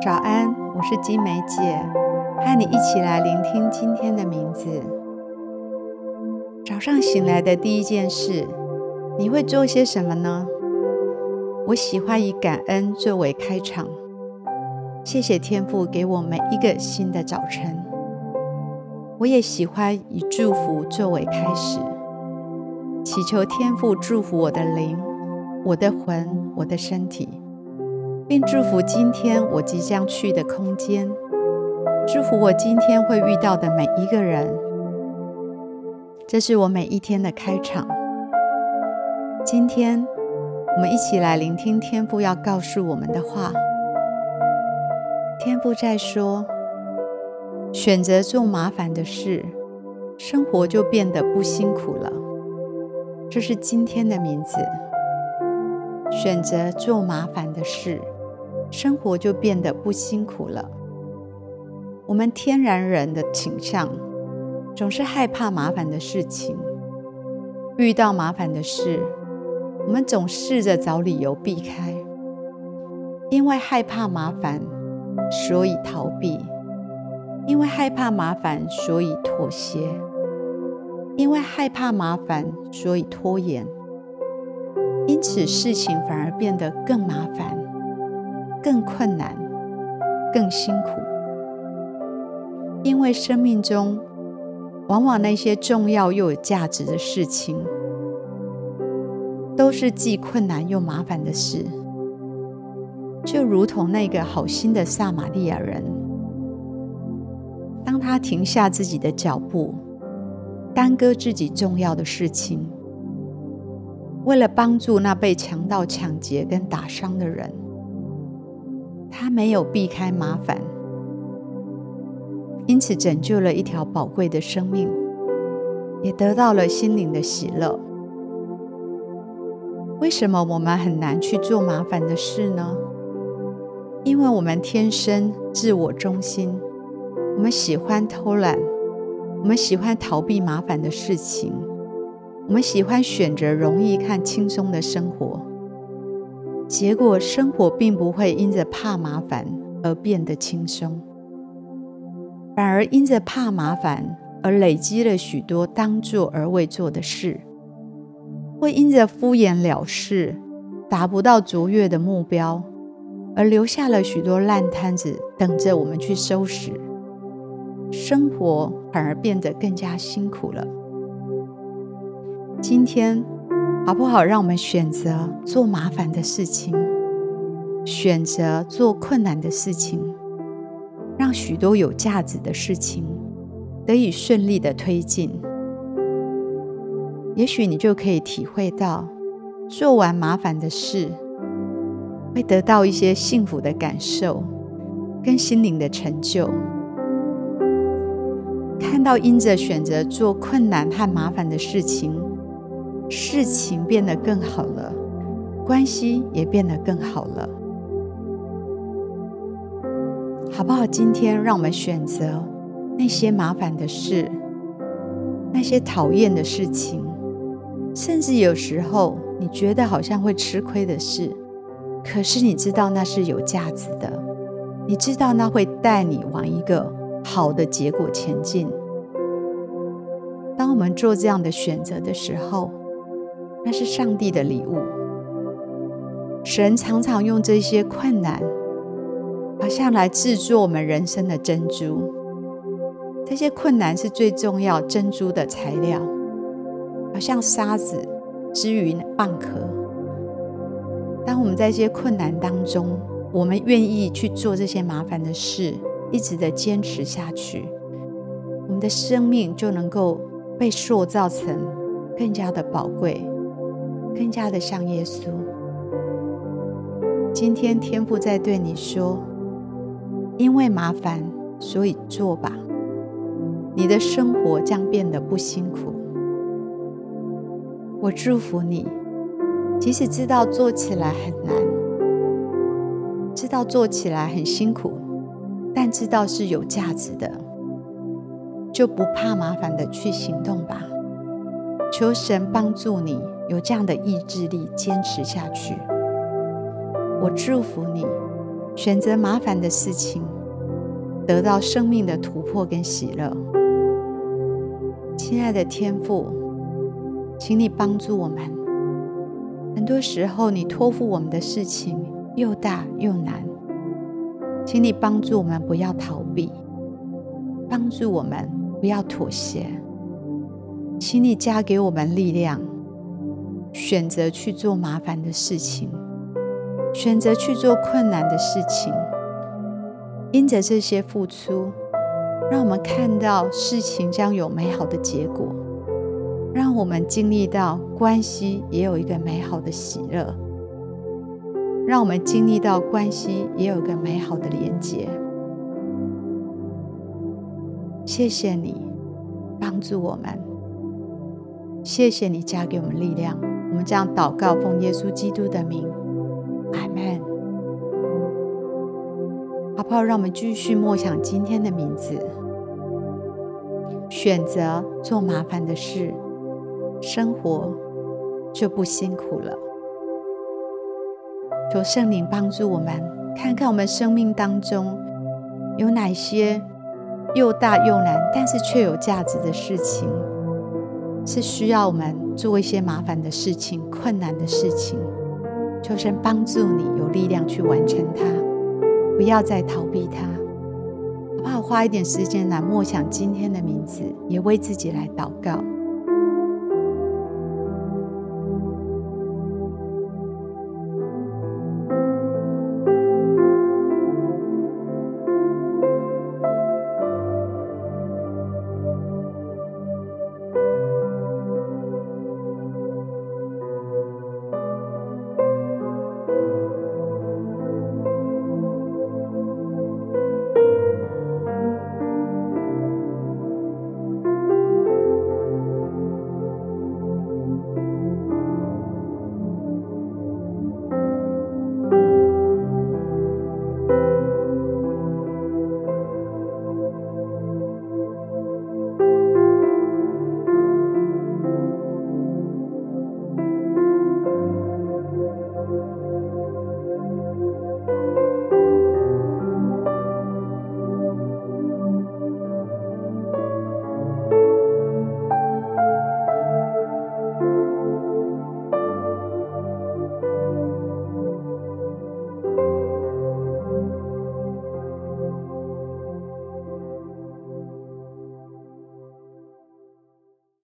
早安，我是晶玫姊，和你一起來聆聽今天的名字。早上醒來的第一件事，你會做些什麼呢？我喜歡以感恩作為開場，謝謝天父給我每一個新的早晨。我也喜歡以祝福作為開始，祈求天父祝福我的靈、我的魂、我的身體。並祝福今天我即將去的空間，祝福我今天會遇到的每一個人。這是我每一天的開場。今天我們一起來聆聽天父要告訴我們的話。天父在說：選擇做麻煩的事，生活就變得不辛苦了。這是今天的名字：選擇做麻煩的事。生活就變得不辛苦了。我們天然人的傾向，總是害怕麻煩的事情。遇到麻煩的事，我們總試着找理由避開。因為害怕麻煩，所以逃避；因為害怕麻煩，所以妥協；因為害怕麻煩，所以拖延。因此，事情反而變得更麻煩。更困難、更辛苦，因為生命中往往那些重要又有價值的事情，都是既困難又麻煩的事。就如同那個好心的撒瑪利亞人，當他停下自己的腳步，耽擱自己重要的事情，為了幫助那被強盜搶劫跟打傷的人。他沒有避開麻煩，因此拯救了一條寶貴的生命，也得到了心靈的喜樂。為什麼我們很難去做麻煩的事呢？因為我們天生自我中心，我們喜歡偷懶，我們喜歡逃避麻煩的事情，我們喜歡選擇容易看輕鬆的生活。結果，生活並不會因着怕麻煩而變得輕鬆，反而因着怕麻煩而累積了許多當做而未做的事，會因着敷衍了事，達不到卓越的目標，而留下了許多爛攤子等着我們去收拾，生活反而變得更加辛苦了。今天。好不好？讓我們選擇做麻煩的事情，選擇做困難的事情，讓許多有價值的事情得以順利的推進。也許你就可以體會到，做完麻煩的事，會得到一些幸福的感受跟心靈的成就。看到因着選擇做困難和麻煩的事情。事情變得更好了，關係也變得更好了，好不好？今天讓我們選擇那些麻煩的事，那些討厭的事情，甚至有時候你覺得好像會吃虧的事，可是你知道那是有價值的，你知道那會帶你往一個好的結果前進。當我們做這樣的選擇的時候。那是上帝的禮物。神常常用這些困難，好像來製作我們人生的珍珠。這些困難是最重要珍珠的材料，好像沙子之於蚌殼。當我們在這些困難當中，我們願意去做這些麻煩的事，一直的堅持下去，我們的生命就能夠被塑造成更加的寶貴。更加的像耶穌。今天天父在對你說：“因為麻煩，所以做吧，你的生活將變得不辛苦。”我祝福你，即使知道做起來很難，知道做起來很辛苦，但知道是有價值的，就不怕麻煩的去行動吧。求神幫助你。有這樣的意志力堅持下去，我祝福你選擇麻煩的事情，得到生命的突破跟喜樂。親愛的天父，請你幫助我們。很多時候，你托付我們的事情又大又難，請你幫助我們不要逃避，幫助我們不要妥協，請你加給我們力量。選擇去做麻煩的事情，選擇去做困難的事情，因着這些付出，讓我們看到事情將有美好的結果，讓我們經歷到關係也有一個美好的喜樂，讓我們經歷到關係也有一個美好的連接。謝謝你幫助我們，謝謝你加給我們力量。我們這樣禱告，奉耶穌基督的名，阿門。好不好？讓我們繼續默想今天的名字。選擇做麻煩的事，生活就不辛苦了。求聖靈幫助我們，看看我們生命當中有哪些又大又難，但是卻有價值的事情，是需要我們。做一些麻煩的事情，困難的事情，求神幫助你有力量去完成它，不要再逃避它。哪怕花一點時間來默想今天的名字，也為自己來禱告。